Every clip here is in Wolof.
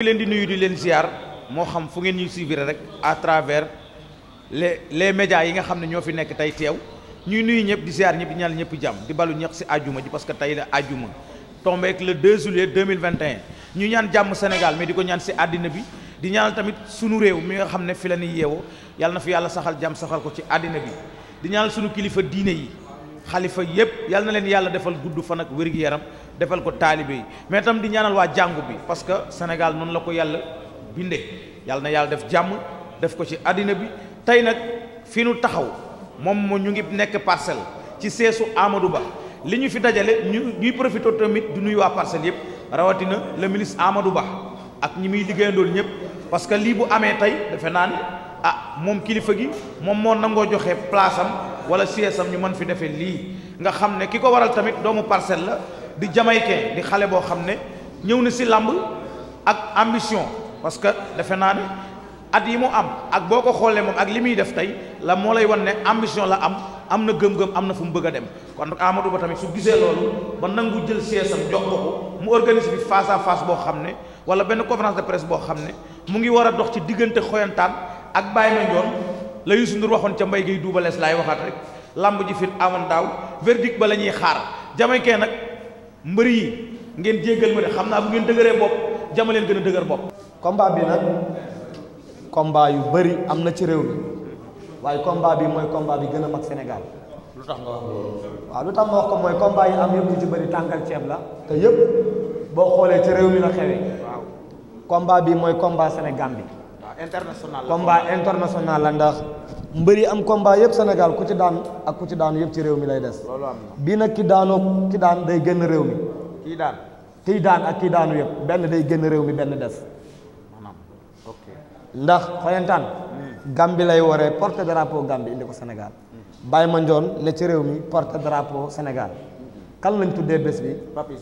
ñu leen di nuyu di leen ziar moo xam fu ngeen ñuy suivre rek à travers les les médias yi nga xam ne ñoo fi nekk tey teew ñuy nuyu ñëpp di ziar ñëpp di ñaan ñëpp jàmm di balu ñeex si ajuma ji parce que tey la ajuma tombé ak le 2 juillet 2021 ñu ñaan jàmm Sénégal mais di ko ñaan si àddina bi di ñaanal tamit sunu réew mi nga xam ne fi la ñuy yeewoo yàlla na fi yàlla saxal jàmm saxal ko ci àddina bi di ñaanal sunu kilifa diine yi xalifa yépp yal na leen yàlla defal gudd fan ak wér gi yaram defal ko taalibe yi mais tam di ñaanal waa jàngu bi parce que Sénégal noonu la ko yàlla binde yàlla na yàlla def jàmm def ko ci àddina bi tey nag fi nu taxaw moom moo ñu ngi nekk parcelle ci seesu amadu Ba li ñu fi dajale ñu ñuy profité tamit du nuy waa parcelle yépp rawatina le ministre Amadou Ba ak ñi muy liggéeyandool ñépp parce que lii bu amee tey defe naa ne ah moom kilifa gi moom moo nangoo joxe place am wala siège am ñu mën fi defee lii nga xam ne ki ko waral tamit doomu parcelle la di jamayke di xale boo xam ne ñëw na si làmb ak ambition parce que defe naa ne at yi mu am ak boo ko xoolee moom ak li muy def tey la moo lay wan ne ambition la am am na gëm-gëm am na fu mu bëgg a dem kon Amadou Ba tamit su gisee loolu ba nangu jël siège jox ko ko mu organise bi face à face boo xam ne wala benn conférence de presse boo xam ne mu ngi war a dox ci diggante xoyantaan ak bàyyi na la Youssou waxoon ca mbay gay duubalees laay waxaat rek lamb ji fit amoon daaw verdict ba la ñuy xaar jamaykee nag mbër yi ngeen jéggal ma de xam naa bu ngeen dëgëree bopp jama leen gën a dëgër bopp combat bi nag komba yu bari am na ci réew mi waaye combat bi mooy combat bi gën a mag Sénégal lu tax nga wax lu tax nga wax ko mooy combat yi am yëpp ci bari tàngal ceeb la te yëpp boo xoolee ci réew mi la xewee combat bi mooy combat Sénégal bi international la combat international la ndax yi am combat yëpp senegal ku ci daan ak ku ci daanu yëpp ci réew mi lay des. loolu bii nag ki daanoo ki daan day génn réew mi. kii daan kii ak kii daanu yëpp benn day génn réew mi benn des. ok ndax xoyantaan. Hmm. Gambie lay waree porte drapeau Gambie indi ko Sénégal. Hmm. Baye Mandione ne ci réew mi porte drapeau Sénégal. kan lañ tuddee bés bi Papis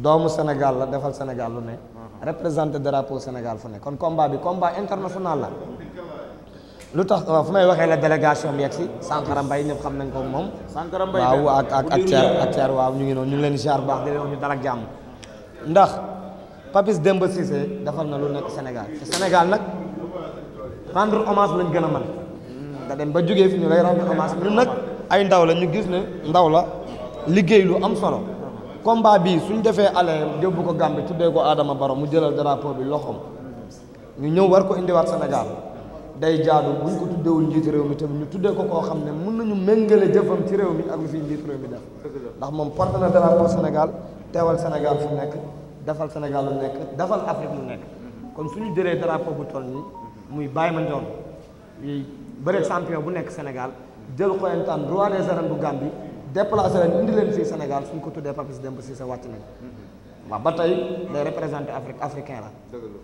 doomu Sénégal la defal Sénégal lu ne représenté drapeau Sénégal fu ne kon combat bi combat international la lu tax fu may waxee la délégation bi yegg si Sankara Mbaye ñëpp xam nañ ko moom waaw ak ak ak Thier ak Thier waaw ñu ngi noonu ñu ngi leen ziar baax di leen wax ñu ndax Papis Demba Cissé defal na lu nekk Sénégal te Sénégal nag rendre hommage lañ gën a mën ba jógee fi ñu lay rendre hommage ñun nag ay ndaw la ñu gis ne ndaw la liggéey lu am solo combat bi suñ defee ale bu ko Gambie tuddee ko aadama Barrow mu jëlal drapeau bi loxoom ñu ñëw war ko indiwaat Sénégal day jaadu buñ ko tuddewul njiitu réew mi tamit ñu tuddee ko koo xam ne mën nañu méngale jëfam ci réew mi ak lu fi njiitu réew mi def ndax moom porte na drapeau Sénégal teewal Sénégal fu nekk defal Sénégal lu nekk defal Afrique mu nekk kon suñu jëlee drapeau bu toll nii muy Baye Mandione yi bëre champion bu nekk Sénégal jël xoyantaan roi des arènes bu Gambie déplacé la indi leen fii Sénégal suñ ko tuddee Papis Demba Cissé wàcc nañ waaw ba tey day représenté africain la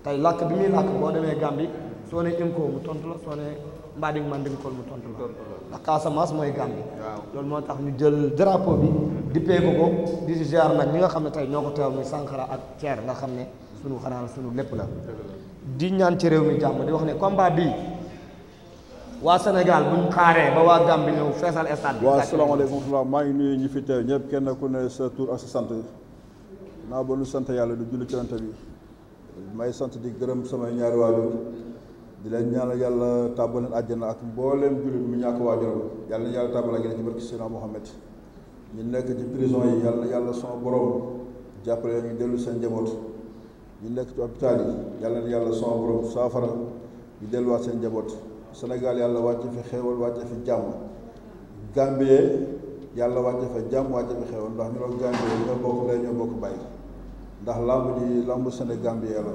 tey làkk bi muy làkk boo demee Gambie soo ne Inko mu tontu la soo ne Mbading Mandinkool mu tontu la ndax Casamance mooy Gambie loolu moo tax ñu jël drapeau bi di peeku ko di si ziar ñi nga xam ne tey ñoo ko teew muy Sankara ak Thier nga xam ne sunu xanaa suñu lépp la di ñaan ci réew mi jàmm di wax ne combat bii waa senegal bu ñu xaaree ba waa Gambie ñëw feesal stade bi. waaw salaamaaleykum wa maa ngi nuyu ñu fi teew ñëpp kenn ku ne sa tur ak sa sant naa ba lu sant yàlla du julli ci bi may sant di gërëm samay ñaari waajur di leen ñaanal yàlla tàbbal leen àjjana ak mbooleem jullit mu ñàkk waajuram yàlla yàlla tàbbal ak yéen ci barke Seydina Mohamed ñu nekk ci prison yi yàlla yàlla sama borom jàppale ñu dellu seen njaboot ñu nekk ci hôpital yi yàlla yàlla sama borom saafara ñu delluwaat seen njaboot. Sénégal yàlla wàcc fi xéewal wàcce fi jàmm Gambie yàlla wàcce fa jàmm wàcce fi xéewal ndax ñu doon Gambie ñoo bokk lay ñoo bokk bàyyi ndax làmb di làmb Sénégambie la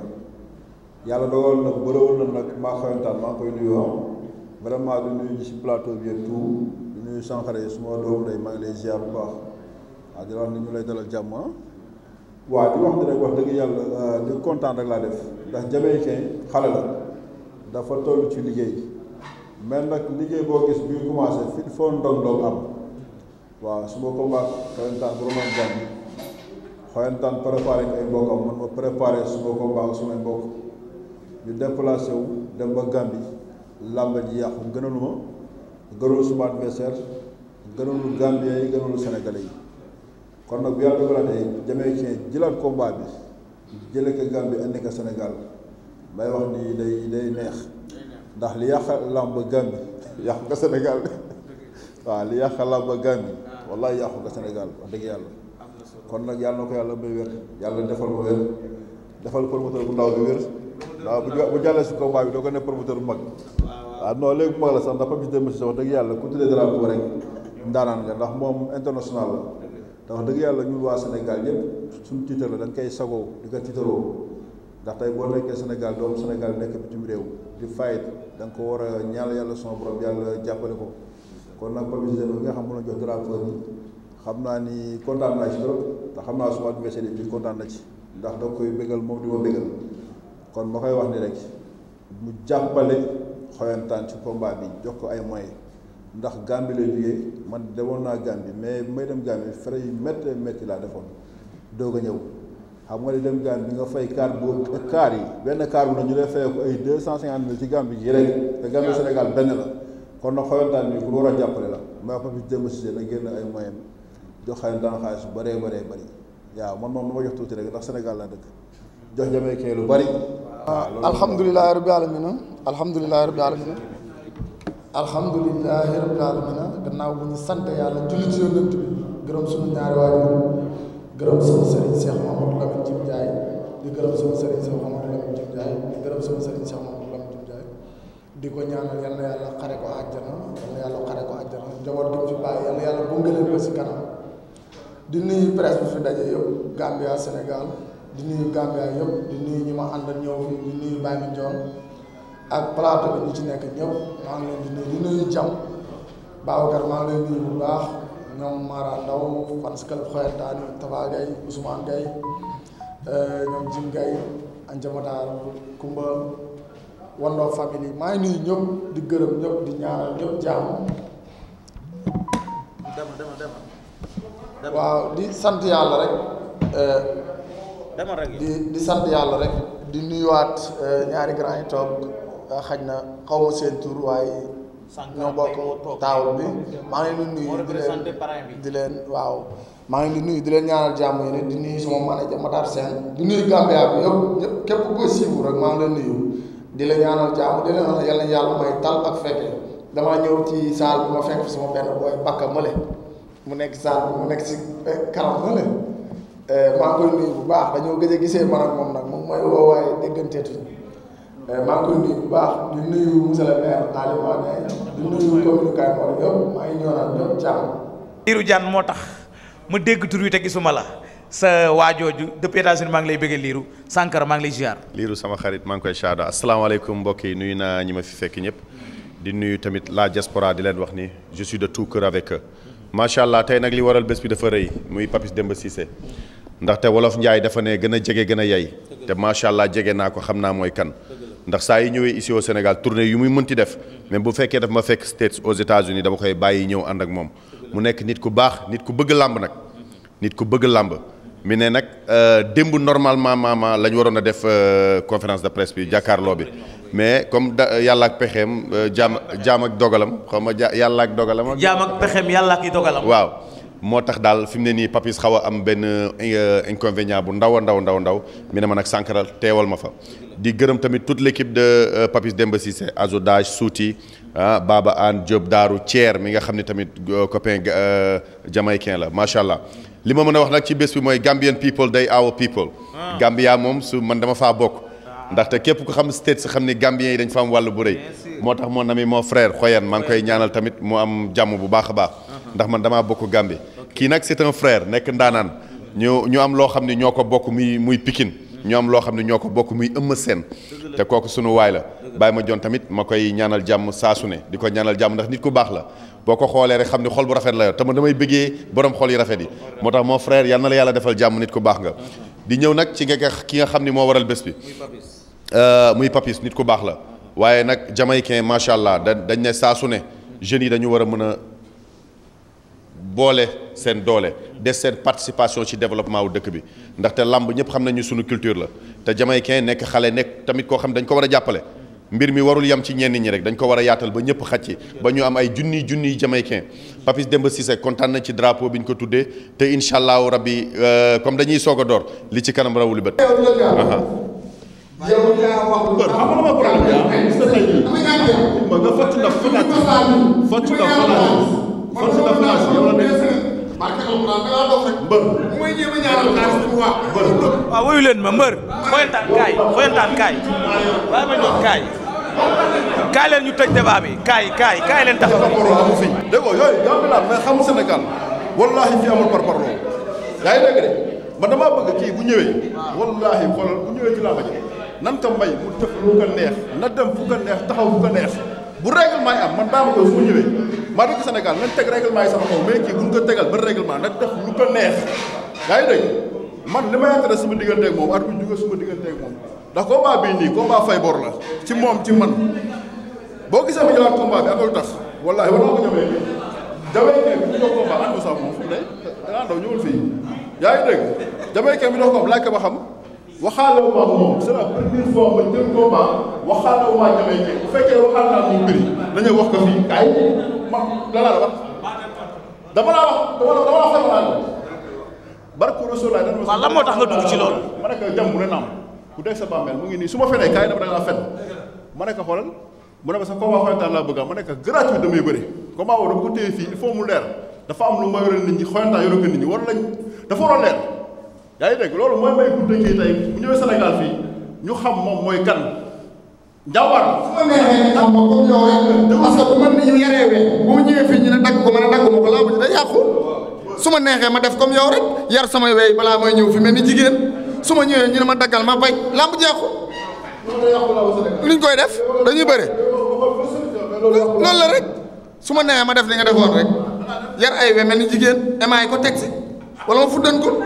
yàlla dogal na bëriwul nag maa xoyantaan maa koy nuyoo vraiment di nuyu ñi si plateau bi et tout di nuyu Sankhare yi suma doom day maa ngi bu baax waaw ah, di wax ni ñu lay dalal jàmm ah. waaw di wax di wax dëgg yàlla euh, di kontaan rek laa def ndax jamaïcain xale la dafa toll ci liggéey mais nag liggéey boo gis bi commencé fii foo ndong ndong am waaw su ko mbaa xoyantaan roman jàng xoyantaan préparé ko ay mbokkam man ma préparé su ko mbaa su mbokk ñu déplacé wu dem ba Gambie làmb ji yàqu gënalu ma gënalu suma adversaire gënalu Gambien yi gënalu Sénégalais yi kon nag bu yàlla dogalee tey Jamaïcain jëlaat combat bi jële ko Gambie andi Sénégal may wax ni day day neex ndax li yàq làmb Gàmbi yàqu nga Sénégal waaw li yàq làmb Gàmbi wallaay yàqu nga Sénégal wax dëgg yàlla kon nag yàlla na ko yàlla may wér yàlla defal ko wér defal promoteur bu ndaw bi wér waaw bu bu jàllee si combat bi doo ko ne promoteur bu mag waaw non léegi bu mag la sax ndax Papis Demba Cissé wax dëgg yàlla ku tuddee drapeau rek ndaanaan nga ndax moom international la te dëgg yàlla ñun waa Sénégal yëpp suñu tiitar la da nga koy sagoo di ko ndax tey boo nekkee Sénégal doomu nekk bitim réew di fayit da nga ko war a ñaan yàlla sama borom yàlla jàppale ko kon nag Papis Demba bi nga xam ne jox drapeau bi xam naa ni kontaan naa ci trop te xam naa suma adversaire bi kontaan na ci ndax da nga koy bégal moom di ma bégal kon ma koy wax ni rek mu jàppale xoyantaan ci combat bi jox ko ay moyens ndax Gambie lay jugee man demoon naa Gambie mais may dem Gambie frais yu métti métti laa defoon doog a ñëw. xam nga di dem Gambie bi nga fay kaar bu kaar yi benn kaar bu ne ñu lay fayee ko ay deux cent cinquante mille ci Gambie bi ji rek te Gambie Sénégal benn la kon nag xoyantaan bi ku war a jàppale la maa ko fi jëm si na génn ay jox xoyantaan xaalis bu bëree bëree bëri waaw man moom dama jox tuuti rek ndax Sénégal la dëkk jox jamaykee lu bëri waaw ah, alhamdulilahi rabbil alamina alhamdulilahi rabbil gannaaw bu ñu sant yàlla julli ci yonent bi gërëm suñu ñaari waajur gërëm sama sëriñ Cheikh Mamadou Lamine Djib Ndiaye di gërëm sama sëriñ Cheikh Mamadou Lamine Djib Ndiaye di gërëm sama sëriñ Cheikh Mamadou Lamine Djib Ndiaye di ko ñaanal yal na yàlla xare ko àjjana yal yàlla xare ko àjjana njaboot gi mu fi bàyyi yàlla gunge leen ko si kanam di nuyu presse bi fi daje yëpp Gambia Sénégal di nuyu Gambia yëpp di nuyu ñi ma àndal ñëw fi di nuyu Baye Mandione ak plateau bi ñu ci nekk ñëpp maa ngi leen di nuyu di nuyu jam Babacar maa ngi leen ñoom Mara Ndaw fans club Khoyantane ñoom Tafa Gaye Ousmane Gaye eh, ñoom Jim Gaye Anjamataar Kumba Wandoo famille maa ngi ñëpp di gërëm ñëpp di ñaanal ñëpp jàmm dama waaw di sant yàlla rek eh, di di sant yàlla rek di nuyuwaat eh, ñaari grand yi ah, xaj na xaw seen tur waaye ñoo bokk taaw bi maa ngi leen nuyu di leen leen waaw maa ngi nuyu di leen ñaanal jàmm yi di nuyu sama manager Matar Sène di nuyu Gambia bi yëpp képp ko siiwu rek maa ngi leen nuyu di leen ñaanal jàmm di leen wax yàlla yàlla may tal ak fekke damaa ñëw ci saal bi ma fekk fi sama benn booy bakka mële mu nekk saal bi mu nekk si eh, kanam mële eh, maa koy nuyu bu baax dañoo gëj a gisee man ak moom nag moom mooy woo waaye dégganteetuñu Eh, maa ngi koy nuyu bu baax di nuyu monsieur le maire Aliou Mané di moo tax ma dégg tur wi te gisuma la sa waajooju depuis États-Unis maa ngi lay bëggee Lirou Sankara maa ngi lay ziar. Lirou sama xarit maa ngi koy shaada asalaamaaleykum mbokk yi nuyu naa ñi ma fi fekk ñëpp di nuyu tamit la diaspora di leen wax ni je de tout cœur avec eux. allah tey nag li waral bés bi dafa rëy muy Papis Demba Cissé ndaxte wolof Njaay dafa ne gën a jege gën a yey te macha allah jege naa ko xam naa mooy kan. ndax saa yi ñëwee ici au Sénégal tournée yu muy mënti def mais bu fekkee daf ma fekk States aux États-Unis dama koy bàyyi ñëw ànd ak moom mu nekk nit ku baax nit ku bëgg làmb nag nit ku bëgg làmb mi ne nag euh, démb normalement maama la ñu waroon a def euh, conférence de presse bi jàkkaarloo bi mais comme da yàlla ak pexeem euh, jaam jaam ak dogalam xaw ma ja yàlla ak dogalam. jaam ak pexeem yàlla ak dogalam waaw. moo tax daal fi mu ne nii Papis xaw a am benn euh, inconvénient bu ndaw a ndaw ndaw ndaw mi ne ma nag Sankara teewal ma fa di gërëm tamit toute l'équipe de euh, Papis Demba Cissé Azodage Souti ah Baba Anne Diop Daaru Thier mi nga xam ne tamit euh, copain jamaïcain la macha allah li ma mën a wax nag ci bés bi mooy Gambian people day our people ah. Gambia moom su man dama faa bokk ndaxte képp ku xam States xam ni Gambien yi dañ fa am wàll bu rëy moo tax mon ami mon frère Xoyeen maa ngi koy ñaanal tamit mu am jàmm bu baax a baax uh-huh. ndax man damaa bokk Gambie kii nag c'est un nekk ndaanaan ñu ñu am loo xam ne ñoo ko bokk muy muy Pikine uh-huh. ñu am loo xam ne ñoo ko bokk muy ëmm seen te kooku sunu waay la bàyyi ma joon tamit ma koy ñaanal jàmm saasu ne di ko ñaanal jàmm ndax nit ku baax la boo ko xoolee rek xam ni xol bu rafet la te man damay bëggee borom xol yi rafet yi moo tax mon frère yal yàlla defal jàmm nit ku baax nga uh-huh. di ñëw nag ci nga ki nga xam ni moo waral bés bi Euh, muy papis nit ku baax la waaye nag jamaïcain macha allah da dañ ne saa ne jeunes yi dañu war a mën a boole seen doole des seen participation ci développement wu dëkk bi ndaxte lamb ñëpp xam nañu sunu culture la te jamaïcain nekk xale nekk tamit koo xam dañ ko war a jàppale mbir mi warul yam ci ñenn ñi rek dañ ko war a yaatal ba ñëpp xaj ci ba ñu am ay junniy junniy jamaïcain Papis Demba Cissé kontaan nañ ci drapeau bi ñu ko tuddee te incha allahu rabbi euh, comme dañuy soog a door li ci kanam rawuli bët yow yaa wax lu bari xam nga problème bi ah gis nga tey jii ma nga ah, kaay xoyantaan kaay waaye ma kaay kaay ñu tëj débat bi kaay kaay kaay leen taxaw amu fi dégg nga nan ko may mu def lu ko neex na dem fu ko neex taxaw fu ko neex bu règlement yi am man baax ko su mu ñëwee maa dëkk Sénégal nañ teg règlement yi sama kaw mais kii bu ñu ko tegal ba règlement na def lu ko neex yaa ngi dégg man li may intéressé suma digganteeg moom at bu jóge suma digganteeg moom ndax combat bii nii combat fay bor la ci moom ci man boo gisee ma jëlaat combat bi ak lu tax wallaahi wala ko ñëwee jamaïcain bi ñu jox ko sax moom fu mu ne dangaa fii yaa ngi dégg bi ñu jox combat ko ba xam waxaalaw ma moom sa la première fois ma jël combat waxaalaw maa Jamaïcain bu fekkee waxaal naa mu bëri dañoo wax ko fii kaay ma la laa la wax dama laa wax dama la dama la moo tax nga dugg ci loolu ma ne ko jàmm ne naam ku dee sa bàmmeel mu ngi nii su ma fenee kaay dama da fet fen ma ne ko xoolal mu ne sa combat xoyantaan laa bëgg a ma ne ko gratuit damay bëri combat boobu dama ko téye fii il faut mu leer dafa am lu ma yoral nit ñi xoyantaan yoral ko nit ñi war lañ dafa war a yaa ngi dégg loolu mooy may gudde kii tey bu ñëwee Sénégal fii ñu xam moom mooy kan njawar su ma neexee ko ma ko laa day yàqu su ma neexee ma def comme yow rek yar samay wey balaa mooy ñëw fi mel ni jigéen su ma ñëwee ñu ne ma daggal ma bay làmb jeexu luñ koy def dañuy bëre loolu la rek su ma neexee ma def li nga defoon rek yar ay we mel ni jigéen emaay ko teg si wala ma fuddan ko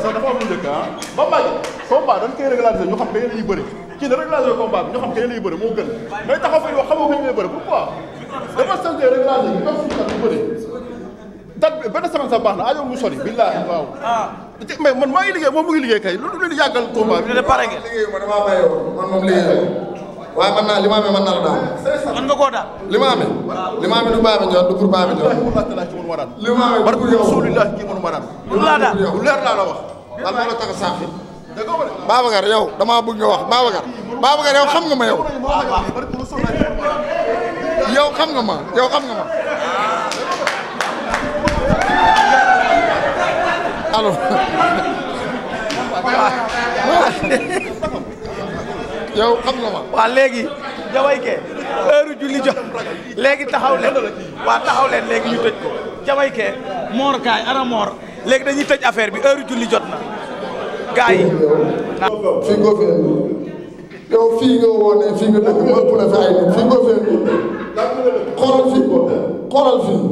sax dafa am lu njëkk ah combat bi combat dañ koy régulariser ñu xam kii na régulariser combat bi ñu xam kañ la moo gën mais taxaw fay wax xamoo kañ lay bëri pourquoi dafa changé régulariser ñu toog suñu bi benn semaine sax baax na ajo mu sori billaahi waaw mais man maa ngi liggéey moom mu ngi liggéey kay lu leen yàggal combat bi pare ngeen liggéey ma damaa bàyyi woon man moom liggéey waaye mën naa li ma amee mën li ma amee li ma amee du baabi ñor du pour baabi ñor laa la wax lan moo la tax a damaa bëgg nga wax Babacar Babacar yow xam nga ma yow yow xam nga ma yow xam nga ma allo yow xam nga ma waaw léegi jaway ke heure julli jot léegi taxaw leen waa taxaw leen léegi ñu tëj ko jaway ke moor kaay ana moor léegi dañuy tëj affaire bi heure julli jot gaa yi. fii nga fi indi fii nga dëkk nga ëpp la fi ay fii nga fi indi xoolal fii xoolal fii.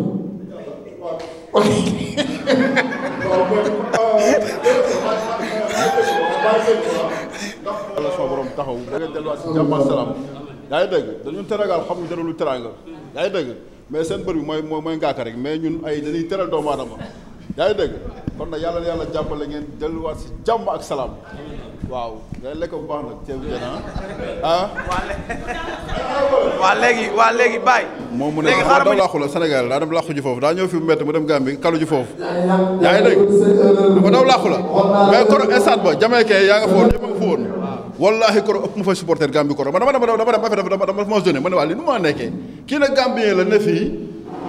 wala soo borom taxaw da ngeen delluwaat si jàmm ak salaam yaa ngi dégg dañu teragal xam ñu daralu yaa ngi dégg mais seen bër bi mooy mooy ngaaka rek mais ñun ay dañuy teral doomu yaa ngi dégg kon nag yàlla yàlla jàppale ngeen delluwaat si jàmm ak salaam waaw day lekk bu baax nag ceebu jën ah waa léegi waa léegi Baye moom mu ne daa dem làqu la ji foofu daa ñëw fi mu métti mu dem Gambie kalu ji foofu yaa ngi la mais koro stade ba jamaykee yaa nga foon ñëpp nga foon wallaahi koro ëpp ma fay supporter Gambie koro ma dama dama ne waa lii nu maa nekkee kii nag Gambien la ne fii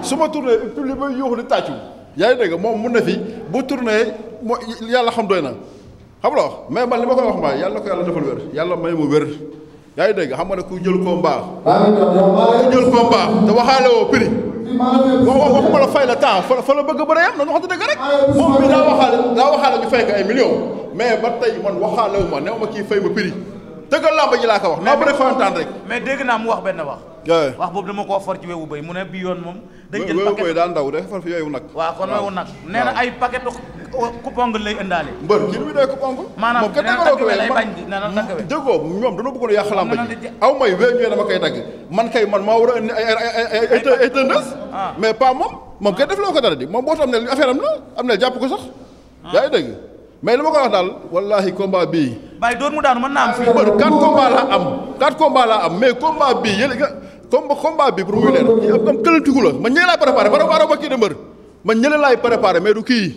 su ma tourné public ba yuuxu tàccu yaa ngi dégg moom mun na fi bu tourné moo yàlla xam doy na xam nga mais ba li ma koy wax maa yàlla ko yàlla defal wér yàlla may mu wér yaa ngi dégg xam nga ne ku jël combat. ku jël combat te waxaale woo prix. wax waxuma la fay la temps fa fa la bëgg a na yam nañu waxante dëgg rek moom bi daa waxaale daa waxaale ñu fay ay millions mais ba tey man waxaale wu ma new ma kii fay ma prix dëgg làmb ji laa ko wax naa ba fantaan rek. mais dégg naa mu wax benn wax. wax boobu dama koo for ci wewu béy mu ne bi yoon moom dañ jël wewu béy daan daw day far fi wewu nag waaw kon wewu lay ëndaale mbër jël bi day coupon maanaam a indi ah. moom moom kay loo ko dara di moom boo tam ne affaire la am ne jàpp ko sax ah. yaa ngi dégg mais ma ko wax daal wallahi combat bii bàyyi doon mu daanu mën naa am fii mbër quatre combat laa am quatre combat laa am mais combat bii yële combat combat bi pour muy leer am am këlantiku la man ñële laay préparé préparé ma kii de mbër man ñële laay préparé mais du kii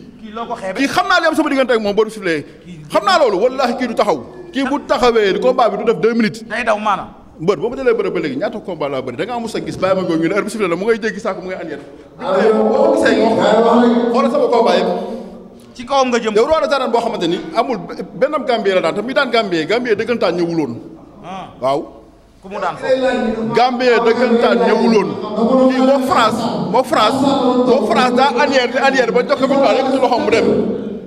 kii xam naa li am sama diggante ak moom boo du siflee xam naa loolu wallaahi kii du taxaw kii bu taxawee combat bi du def deux minutes day daw maanaam mbër boo ma jëlee bëri ba léegi ñaata combat laa bëri da nga amus a gis bàyyi ma ngoo ñu ne heure bi siflee la mu ngay jéggi saako mu ngay anjet boo xoolal sama combat yëpp ci kawam xamante ni amul benn Gambie la daan te mi daan Gambie ku mu ñëwuloon kii moo France moo France daa arrière di arrière ba jox ko bi quoi yëkkati loxoom mu dem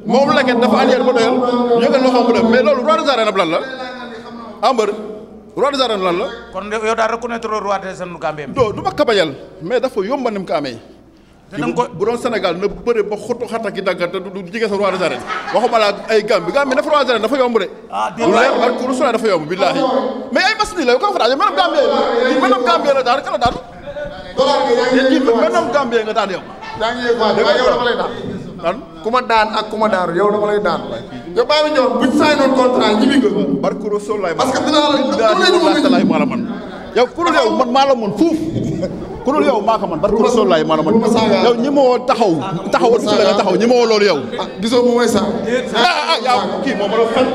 moom la ngeen dafa arrière ba doyal yëkkati loxoom mu dem mais loolu roi des arènes lan la ambar roi des lan la. kon yow daal reconnaître roi des arènes Gambie. non du ma kabayal mais dafa yomba ni mu te ko bu doon Sénégal na bëre ba xottu xataki dagga te du jege sa roi des arènes waxuma la ay Gambie Gambie dafa roi des arènes dafa yomb de. ah déedéet lu leer barke Rasulullah dafa yomb billaahi mais ay mas nii la ko faral menam Gambie yi menam Gambie la daan kala daan. menam Gambie nga daan yow. yaa ngi yëg daan. ak ku ma yow dama lay daan. yow bàyyi ma ñëw buñ saay noon yow ku la yow man fuuf ku dul yow maa ko man barke Rasuul laay maa la man yow taxaw taxawal fi la nga taxaw ñi ma woo loolu yow ah, gisoo mu may a a ah, ah, ah yaa kii moom la fen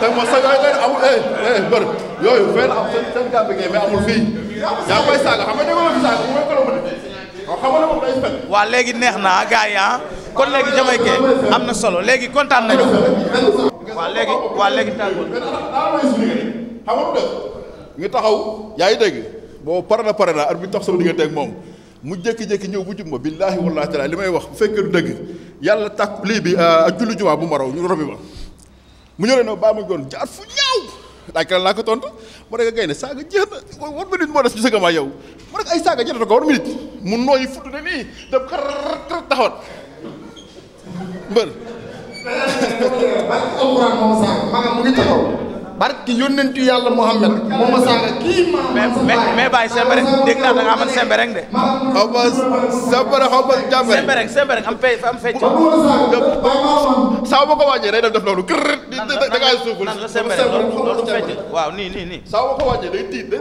te ma sa yooyu leen amul eh eh yooyu fenn am seen seen gàmbe ngeen mais amul fii yaa koy saaga xam mu koy waa léegi neex naa gaa yaa ah. kon léegi Jamaïcain am na solo léegi kontaan nañu waaw léegi waaw taxaw yaa ngi dégg boo pare na pare na ar bi tax sama diggante ak moom mu jékki-jékki ñëw bu jub ma billaahi wallaahi taala li may wax bu fekkee du dëgg yàlla tàkk lii bi ah, ak julli jumaa bu ma raw ñu robi ma mu ñëw ne baa ma doon jaar fu ñaaw laaj ka laa ko tontu mu ne nga saa nga jeex na war ma nit moo des ñu sëgg ma yow mu nekk ay saaga jëndatu ko war minute mu nooyi futt ne nii daf xar taxawat mbër barke alxuraan mooma saaga maanaam mu ngi taxaw barke yónnentu yàlla Muhammad mooma saaga kii mais bàyyi sembereng dégg naa da nga amoon sembereng de xaw ma sembere am fee am fecc saa boo ko wàññee day def def loolu kër da ngay suuful sembereng loolu fecc waaw nii nii nii saa boo ko wàññee day tiit day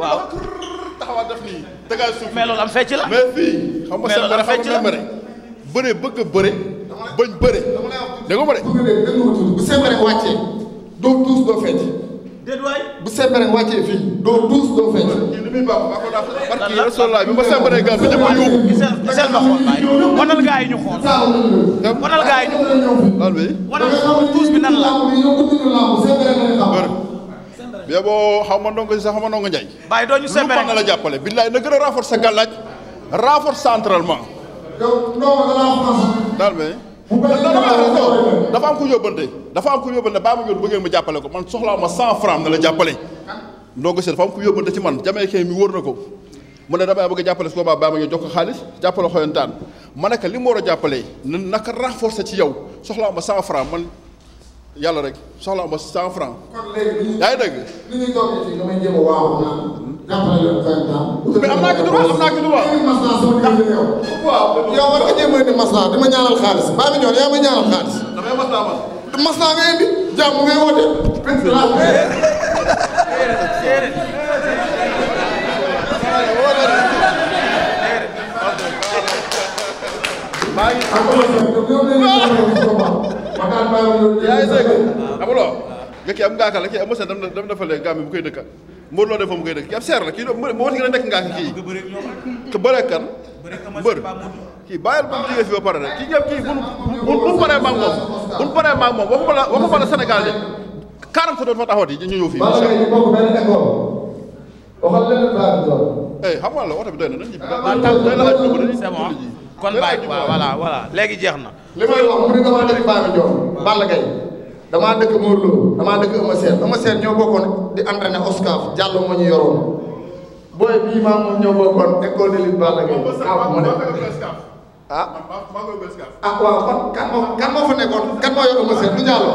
taxawaat def nii tegaat suuf. mais loolu am fecc la mais fii. xam nga seen bëre xam bëre. bëgg a bëre. bañ bëre. da nga ko bëre. bu seen bëre wàccee doo tuus doo fecc. déet waay bu seen bëre wàccee fii doo tuus doo fecc. li muy baax maa ko dàq. parce que rasulallah bi ba seen bëre gàll bi ñëpp a yuuxu. gisal gisal ma xool baay wanal gaa yi ñu xool. wanal gaa yi ñu xool. waaw bi wanal tuus bi nan bi boo xaw ma ndongo si sax ma ndongo Njaay. bàyyi doo ñu sembe rek na la jàppale billaay na gën a renforcer gàllaaj renforcer centralement. yow ndongo laa xam. daal mais. bu dafa am ku yóbbante dafa am ku yóbbante baa ma ñëw bëggee ma jàppale ko man soxlaa ma cent franc na la jàppale. ndongo si dafa am ku yóbbante ci man jamaïcain mi wóor na ko mu na damay bëgg jàppale su boobaa baa ma ñëw jox ko xaalis jàppale xoyantaan ma nekk ko li mu war a jàppale naka renforcer ci yow soxlaa ma cent franc man yàlla rek soxla ma cent franc. kon léegi yaa ngi dégg. ni ñuy toogee fii damay jéem a waaw naan. leen vingt mais am naa ci droit am naa ci droit. waaw yow war nga jéem a indi maslaa dama ñaanal xaalis baa mi ñor yaa ma ñaanal xaalis. damay maslaa ma. maslaa nga indi jàmm ngay woote. maa ngi. yaa ngi dégg amuloo nga kii am ngaaka la kii am mos dam dam defalee gàmm bu koy dëkka Modou Lo defa mu koy dëkk kii ab seer la kii moo war gën a nekk ngaaka kii te bëre kan mbër kii bàyyil ba mu jógee fi ba pare rek kii ñëpp kii bu bu bu paree maag moom bu bu paree maag moom waxuma la waxuma la Sénégal de quarante doon fa taxawati ñu ñëw fii waxal leen la eh, xam nga la oto bi doy na nañ ñibbi. waaw waaw kon bàyyi waaw voilà voilà léegi jeex na. li may wax mu ne damaa dëkk Baami Ndiol Balla Gaye damaa dëkk Mor Lo damaa dëkk Eumeu Sène Eumeu Sène ñoo bokkoon di entraîné Oscar Diallo moo ñu yoroon booy bii maa moom bokkoon école de lutte Balla Gaye ah ma ne ah ah waaw kon kan moo kan moo fa nekkoon kan moo yor Eumeu Sène du Diallo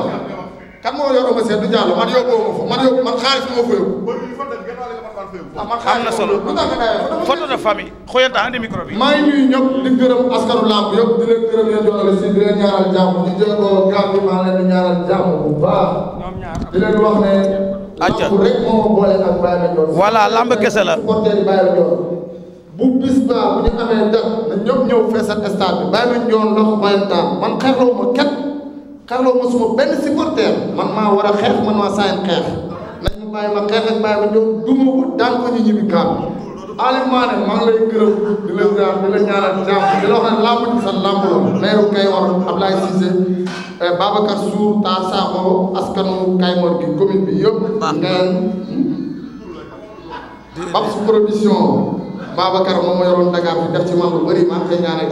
kan moo yor Eumeu Sène du Diallo man yóbbu ma man xaalis moo fa yóbbu. Ah, am na solo photo de famille xoyantaa andi micro bi. maa ngi nuyu ñëpp di gërëm askanu moo ma la. supporter Baye Mandione. man xeexloo ma kenn. xarloo ma suma benn supporter man maa war a man maa saayan xeex nañ ma ma xeex ak bàyyi ma ñëw duma ko daan ko ñu ñibbi kaam Aliou Mané maa ngi lay gërëm di la ziar di la ñaanal jàmm di la wax ne làmb ji sa làmb la meeru Kayor Ablaye Cissé eh, Babacar Sour Ta Sakho askanu gi commune bi yëpp ngeen hmm? Babs production Babacar moom ma yoroon Dakar bi def ci man lu maa ngi koy ñaanal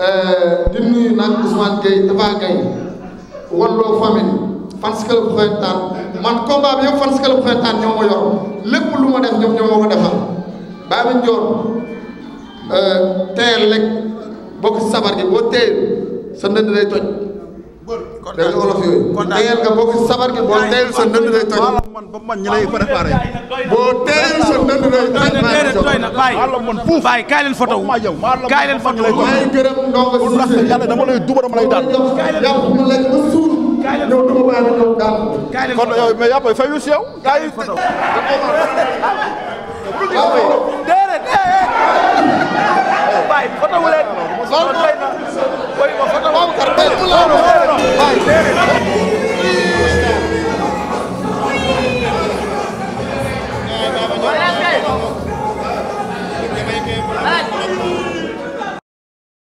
Euh, di nuyu nag Ousmane Gueye Tafa Gueye walloo famille fans club Khoyantan man combat bi yëpp fans club Khoyantan ñoo ma yor lépp lu ma def ñoom ñoo ma ko defal baa mi njoor euh, teyel rek bokk si sabar gi boo teyel sa ndënd day toj kon dañu wolof yooyu. kon daal nga boo sabar gi boo teyul sa ndënd lay toj. waaw man ba man ñi lay préparé. boo teyul sa ndënd lay toj. doy na bàyyi bàyyi kaay leen photo kaay leen photo wu. maa ngi gërëm ndongo si ndax yàlla dama lay duba dama lay daan. yàlla mu lekk ba suur. kaay leen photo wu ñëw dugg daan. kaay leen photo kon yow mais yaa koy fayu si yow. kaay leen photo déedéet. bàyyi photo wu leen. Babacar